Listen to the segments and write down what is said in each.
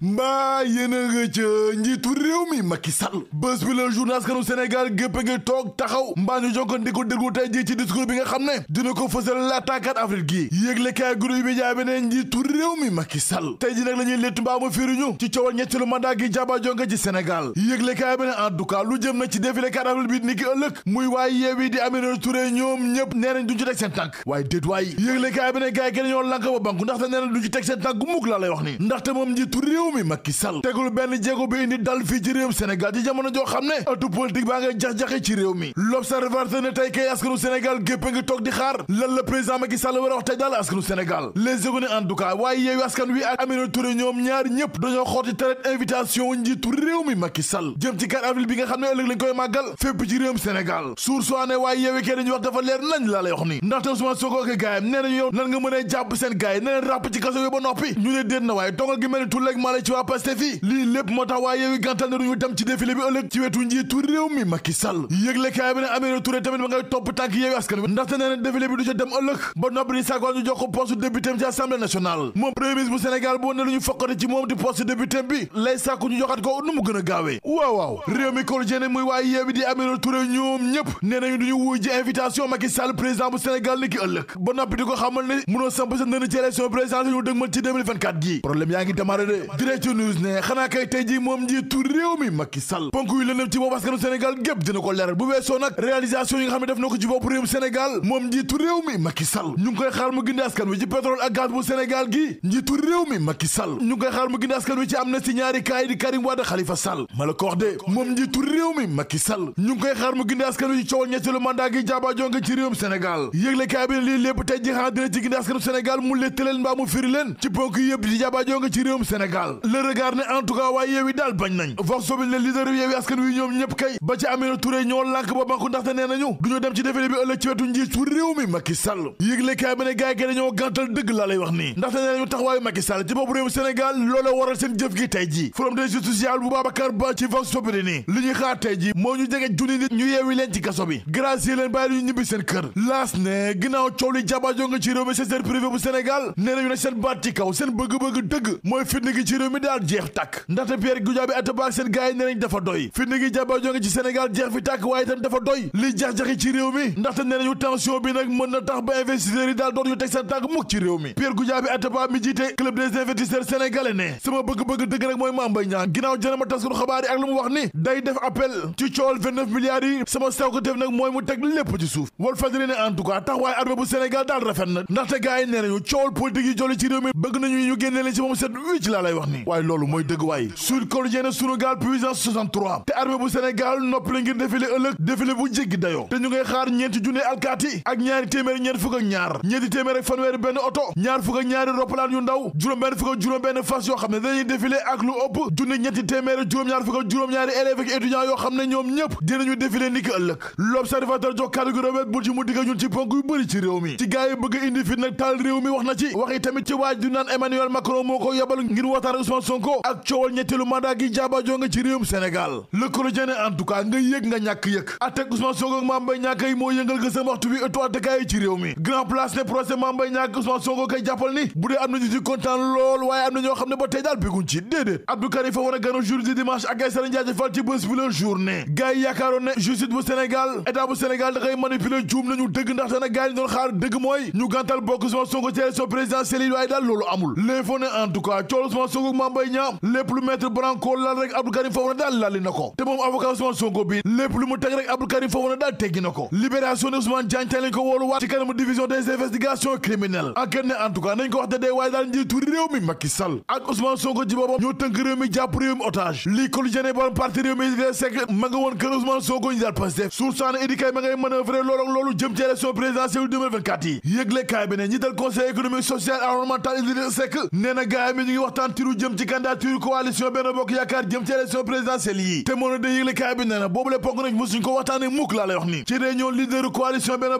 mbaa yéen a njiitu réew mi Macky Sall bés bi la journal askanu Sénégal gépp ngi toog taxaw mbaa ñu jokkoon di ko déglu tey ci discours bi nga xam ne dina ko fësal laata 4 avril gii yéegle kaay groupe bi jaabe njiitu réew mi Macky Sall tey ji nag la ñuy léttu mbaa ma firuñu ci coowal ñetteelu mandat gi jaaba jonge ci Sénégal yéegle kaay bi ne lu jëm na ci défilé 4 avril bi ni ki ëllëg muy waaye yeewi di Aminata Touré ñoom ñëpp ne gaay yi kenn ñoo lank ba banku ndaxte nee nañ duñ ci wax ni ndaxte moom njiitu réew réew mi Macky Sall tegul benn jéego bi indi dal fii ci réewum Sénégal ci jamono joo xam ne atu politique baa ngay jax-jaxe ci réew mi l'observateur ne gépp ngi toog di xaar lan la président Macky Sall war a tey daal askanu Sénégal les égo en tout cas waaye yeewu askan wi ak Aminata ñoom ñaar ñëpp dañoo xooti traite invitation njiitu réew mi Macky Sall jëm ci 4 avril bi nga xam ne ëllëg lañ koy màggal fépp ci réewum Sénégal suur soo ne a ne waaye tongal jaaxle ci waa Pastef yi lii lépp moo tax waa Yewwi gàntal ne duñu ci défilé bi ëllëg ci wetu njiitu réew mi Macky Sall yëgle kaay bi ne Aminata tamit ma ngay topp tànk Yewwi Askan Wi ndaxte nee na défilé bi du ca dem ëllëg ba noppi di sàkkoo ñu jox ko poste député ci assemblée nationale moom premier bu Sénégal bu ne ñu fokkati ci moom di poste député bi lay sàkku ñu joxat ko nu mu gën a gaawee waaw waaw réew mi korjene muy waa Yewwi di di ko direct news ne xanaa kay tey ji moom njiitu réew mi Macky Sall ponk yu lëndëm ci bopp askanu Sénégal gépp dina ko leeral bu weesoo nag réalisation yi nga xam ne def na ko ci bopp réewum Sénégal moom njiitu réew mi Macky Sall mu gindi askan njiitu réew mi Macky Sall ñu ngi koy xaar mu gindi askan wi ci am na si ñaari kaay di Karim Wade Khalifa Sall ma ko wax de moom njiitu réew mi Macky Sall ñu ngi koy xaar mu gindi askan wi ci coowal ñetteelu mandat gi jaaba jonge ci réewum mu léttaleen yëpp di jaaba jonge ci réewum Sénégal le regard ne en tout waaye yeewi daal bañ nañ vox sobil ne leader yeewi askan wi ñoom ñëpp kay ba ci Amina Touré ñoo lànk ba banku ndaxte nee nañu du ñu dem ci défilé bi ëllëg ci wetu njiit su réew mi Macky Sall yëgle kaay bi gaay gi dañoo gàntal dëgg laa lay wax nii ndaxte nee nañu taxawaayu Macky Sall ci bopp réew Sénégal loola waral seen jëf gi tey ji forum de justice sociale bu Babacar Ba ci vox sobil nii li ñuy moo ñu jege junni nit seen privé bu Sénégal réew mi daal jeex tàkk ndaxte Pierre Goudiaby Atepa seen gars yi ne nañ dafa doy fi ni ngi ci Sénégal jeex fi tàkk waaye itam dafa doy li jax-jaxi ci réew mi ndaxte ne nañu tension bi nag mën na tax ba investisseurs yi daal doon teg seen tànk mukk ci réew mi Pierre Goudiaby Atepa mi jiite club des investisseurs sénégalais ne sama bëgg-bëgg dëgg rek mooy Mame Mbaye Niang ginnaaw jënama taskatu xabaar yi ak lu mu wax ni day def appel ci cool ne waaye loolu mooy dëgg waaye Sud Quotidien ne sunu gaal puissance 63 te armée bu Sénégal noppi ngir défilé ëllëg défilé bu jéggi dayoo te ñu ngay xaar ñeenti junne alkaati ak ñaari téeméeri ñeent fukk ñaar ñeenti téeméer ak fanweeri benn oto ñaar fukk ñaari roppalaan yu ndaw juróom-benn fukk juróom-benn fas yoo xam ne dañuy défilé ak lu ëpp junne ñetti téeméeri juróom ñaari élèves ak étudiants yoo xam ne ñoom ñëpp dinañu défilé ni ki ëllëg l'observateur jox candidat Ousmane Sonko ak coowal ñetteelu mandat gi jaabaajoo nga ci réewum Sénégal le quotidien nga yëg nga ñàkk yëg attaque Ousmane Sonko ak Mame Mbaye Niang kay moo yëngal nga sa waxtu bi ëttu attekaay ci réew mi grand place ne procès Mame Mbaye Niang ak Ousmane Sonko kay jàppal ni bu dee am na ñu ci kontaan lool waaye am na ñoo xam ne ba tey daal bégguñ ci déedéet Abdou Karim fa war a gano jour di dimanche ak ay sëriñ ci bés bi la ne justice bu lépp lu maître Branco lal rek Abdou Karim Fofana daal lalli na ko te moom avocat Ousmane Sonko bi lépp lu mu teg rek Abdou Karim Fofana daal teggi na ko libération ne Ousmane Diagne tey lañ ko woolu waat ci kanamu division des investigations criminelles enquête ne en tout ko wax te dee waaye daal njiitu réew mi Macky Sall ak Ousmane Sonko ci boppam tënk réew mi jàpp réew mi otage lii colligéné borom parti réew mi Seck ma nga woon kër Ousmane Sonko ñu jëm ci candidature coalition Benno Bokk Yaakaar jëm ci élection présidentielle yi te moo de yëgle kaay bi nee na boobu le ponk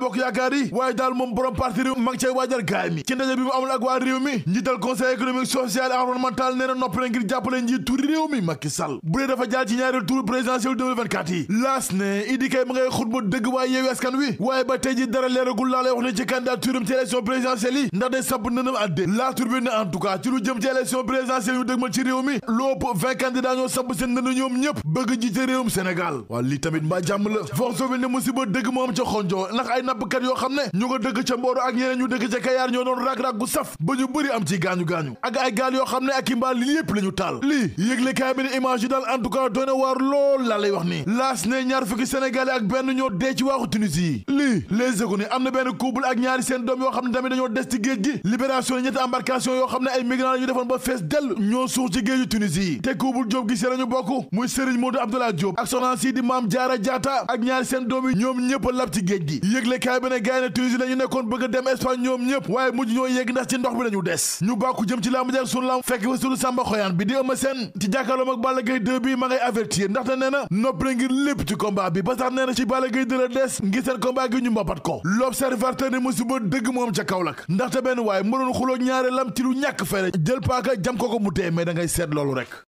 Bokk Yaakaar yi waaye daal moom borom parti réew ma ngi cay ci ndaje bi mu amul ak waa mi njiital conseil économique social et environnemental nee na ngir jàppale njiitu réew mi Macky Sall bu dee dafa jaar ci ñaari tour présidentiel yi laas ne idi kay ma ngay bi ne en ci lu jëm ci élection élection yu dëgmal ci réew mi lopp vingt candidats ñoo samp seen dënd ñoom ñëpp bëgg jiite réewum Sénégal waaw lii tamit mbaa jàmm la force bi ne musiba dëgg moo ca xonjoo ndax ay nappkat yoo xam ne ñu nga dëgg ca Mboro ak ñeneen ñu Kayaar ñoo doon rag-rag gu saf ba ñu bëri am ci gaañu-gaañu ak ay gaal yoo xam ne ak i mbaal li yépp la ñu taal lii yëgle kaay bi ne image yi daal en tout cas doy na waar lool laa lay wax nii laas ne ñaar fukki sénégalais ak benn ñoo dee ci waaxu Tunisie ñoo suux ci géeju Tunisie te kuubul Jóob gi si lañu bokk muy Serigne Modou Abdoulaye Diop ak soxna si di Maam Jaara Jaata ak ñaari seen doom yi ñoom ñëpp a lab ci géej gi yëgle kaay bi ne gaay ne Tunisie lañu nekkoon bëgg a dem Espagne ñoom ñëpp waaye mujj ñoo yegg ndax ci ndox bi lañu des ñu bàkku jëm ci lamb ji ak sunu lamb fekk fa sunu Samba Xoyaan bi di Eumeu Sène ci jàkkaarloom ak Balla Gaye 2 bi ma ngay avertir ndax nee na nopp na ngir lépp ci combat bi ba tax nee na ci Balla Gaye 2 la des ngir seen combat gi ñu mbapat ko l'observateur ne musiba dëgg moom ndaxte benn waaye mënoon xuloo ñaare lam ci lu ñàkk fere jël paaka jam ko ko mu dee mais da ngay seet loolu rek